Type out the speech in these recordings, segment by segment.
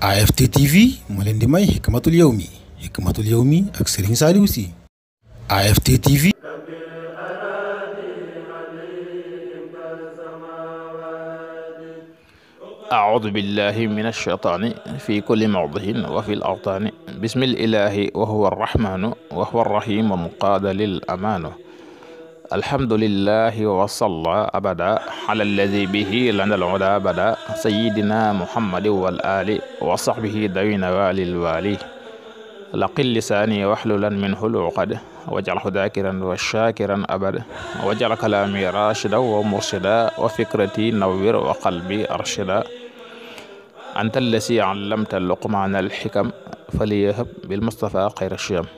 AFT TV moo leen di may Hikmatul Yawmi Hikmatul Yawmi ak Serigne Saliou Sy AFT TV أعوذ بالله من الشيطان في كل موضع وفي الأوطان بسم الإله وهو الرحمن وهو الرحيم قاد للأمان alhamdulillahi wa salla abada ala alladi bihi lanal ula bada sayidina muhammadi wal ali wa sahbihi dawina walil wali laqil lisaani waxlulan minhu luqad waj'alhu dakiran wa shakiran abad waj'al kalami rashida wa murshida wa fikrati nawwir wa qalbi arshida anta allasi allamta luqmaana alxikam faliyahab bilmustafa xayra shiyam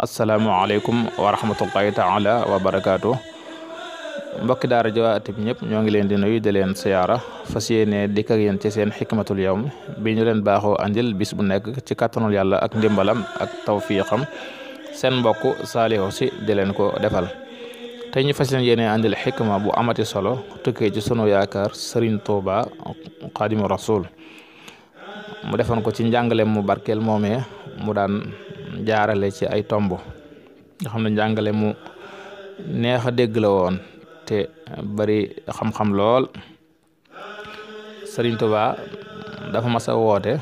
asalaamualeykum wa rahmatullahi taala wa barakaatu mbokki daara jawaati bi ñëpp ñoo ngi leen di nuyu di leen siyaara fas yéene dikk ak yéen seen xikmatul yawm bi ñu leen baaxoo andil bis bu nekk ci kàttanul yàlla ak ndimbalam ak tawfiqam seen mbokk saalihu si di leen ko defal te ñu fas leen yéene andil xikma bu amati solo tukkee ci sunu yaakaar Serigne Touba Xaadimu Rasul mu defoon ko ci njàngale mu barkel moomee mu daan jaarale ci ay tomb xam ne njàngale mu neex a dégg la woon te bari xam-xam lool Sëriñ Tuubaa dafa mas a woote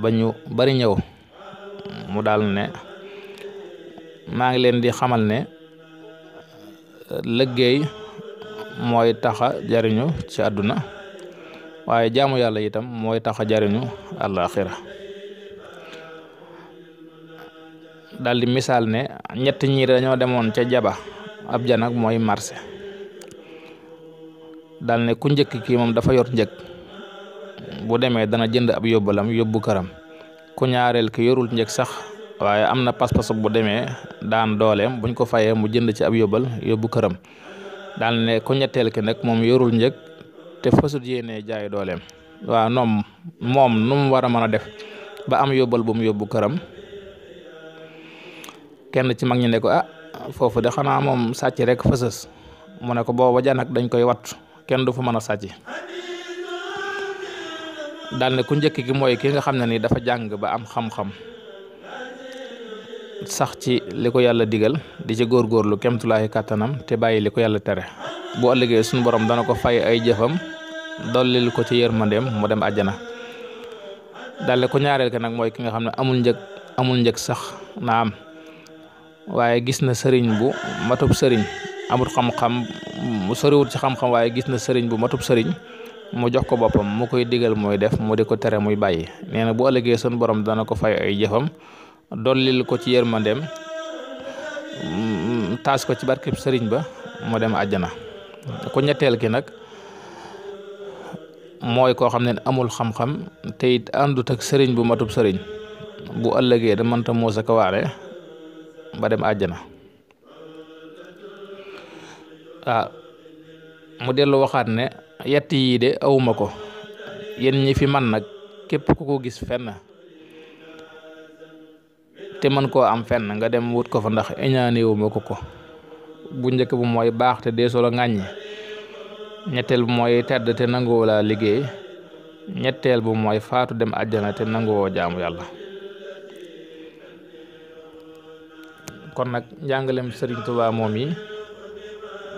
ba bari ñëw mu daal ne maa ngi leen di xamal ne liggéey mooy taxa jariñu ci àdduna waaye jaamu yàlla itam mooy taxa jariñu àllaaxira daal di misaal ne ñett ñi dañoo demoon ca jaba ab ja mooy marché daal ne ku njëkk kii moom dafa yor njëg bu demee dana jënd ab yóbbalam yóbbu këram ku ñaareel ki yorul njëg sax waaye am na pas-pas bu demee daan dooleem buñ ko fayee mu jënd ci ab yóbbal yóbbu këram daal ne ku ñetteel ki nag moom yorul njëg te fasut yéenee jaay dooleem waaw noom moom nu mu war a mën a def ba am yobal bu mu yóbbu këram kenn ci mag ñi ne ko ah foofu de xanaa moom sàcc rek fësës mu ne ko booba ja dañ koy wat kenn du fa mën a sàcc daal ne ku njëkk gi mooy ki nga xam ne ni dafa jàng ba am xam-xam sax ci li yàlla digal di ci góorgóorlu kemtulaayi kàttanam te bàyyi li ko yàlla tere boo ëllëgee suñu borom dana ko fay ay jëfam dollil ko ci yërmandeem mu dem àjjana daal ne ku ñaareel ke nag mooy ki nga xam ne amul njëg amul njëg sax naam waaye gis na sëriñ bu matub sëriñ amut xam-xam mu soriwut ci xam-xam waaye gis na sëriñ bu matub sëriñ mu jox ko boppam mu koy digal mooy def mu de ko tere muy bàyyi nee na bu ëllëgee sun borom dana ko fay ay jëfam dollil ko ci yërmandeem mm, taas ko ci barkeb sëriñ ba moo dem àjjana ku ñetteel ki nag mooy koo xam ne amul xam-xam te it ak sëriñ bu matub sëriñ bu ëllëgee da mënta muusa ko waare ba dem àjjana ah mu dellu waxaat ne yett yii de awuma ko yéen ñi fi man nag képp ku ko gis fenn te mën koo am fenn nga dem wut ko fa ndax iñaanewuma ko ko bu njëkk bu mooy baax te dee solo ŋàññi ñetteel bu mooy tedd te nanguwoo liggéey ñetteel bu mooy faatu dem àjjana te nanguwoo jaamu yàlla kon nag njàngalem sëriñ Tuubaa moom yi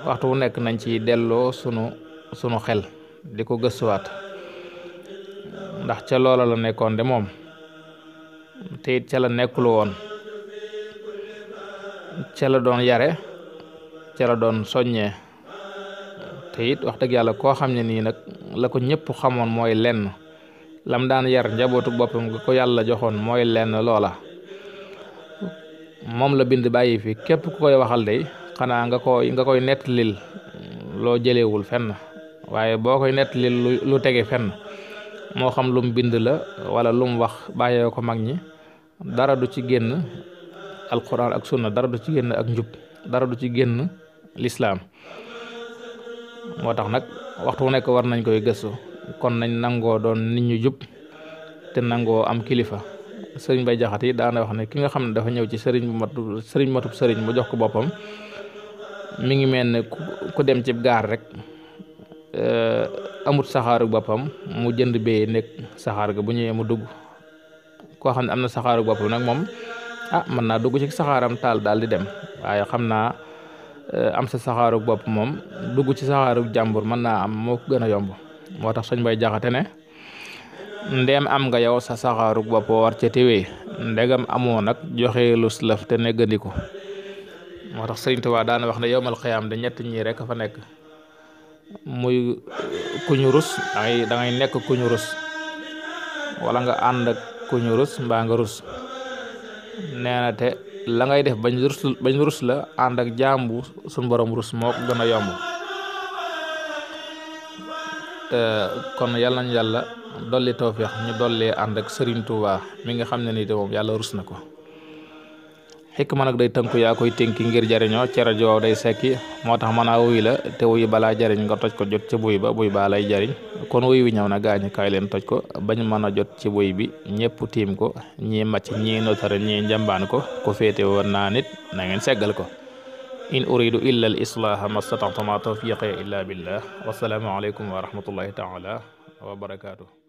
waxtu wu nekk nañ ci delloo sunu sunu xel di ko gëstuwaat ndax ca loola la nekkoon de moom te it ca la nekkul woon ca la doon yare ca la doon soññee te it wax dëgg yàlla koo xam ne nii nag la ko ñëpp xamoon mooy lenn lam daan yar njabootu boppam nga ko yàlla joxoon mooy lenn loola moom la bind bàyyi fi képp ku koy waxal day xanaa nga koy nga koy nettalil mm, loo jëlewul fenn waaye boo koy nettalil lu tege fenn moo xam lum bind la wala lum wax bàyyee ko mag ñi dara du ci génn alquran ak sunna dara du ci génn ak njub dara du ci génn lislaam moo tax nag waxtu wu nekk war nañ koy gëstu kon nañ nangoo doon nit ñu jub te nangoo am kilifa sëriñ bay jaxat yi daana wax ne ki nga xam ne dafa ñëw ci sëriñ bu matu sëriñ matub sëriñ mu jox ko boppam mi ngi mel ne ku dem ci gaar rek eh, amut saxaaru boppam mu jënd bee nekk saxaar ga bu ñëwee mu dugg koo xam ne am na saxaaru boppam nag moom ah mën naa dugg ci saxaaram taal daal di dem waaye xam naa eh, am sa saxaaru bopp moom dugg ci saxaaru jàmbur mën naa am moo ko gën a yomb moo tax sëñ bay jaxate ne ndeem am nga yow sa saxaarug bopp war ca téwee ndegam amoo nag joxe lu la te neggandiko moo tax Sëriñ Tuubaa daana wax ne yowmal xiyaam de ñett ñii rek fa nekk muy kuñu rus dangay dangay nekk kuñu rus wala nga ànd ak kuñu rus mbaa nga rus nee na te la ngay def bañ rus la ànd ak jaambu suñ borom rus moo gën a yomb Euh, kon yàlla nañ yàlla dolli tawféex ñu dollee ànd ak Serigne Touba mi nga xam ne nii de moom yàlla rus na ko xikma nag day tënku yaa koy tënki ngir jariñoo ci rajo day sekki moo tax mën a wuy la te wuy balaa jariñ nga toj ko jot ci buy ba buy baa lay jariñ kon wuy wi ñëw na gaañu kaay leen toj ko bañ mën a jot ci buy bi ñëpp tiim ko ñii màcc ñii notare ñii njambaan ko ku féete woon naa nit na ngeen ko in uridu illa al islaaha ma stata'tu ma tawfiqi illa billah wassalaamu aleykum wa rahmatullahi taala wa barakaatu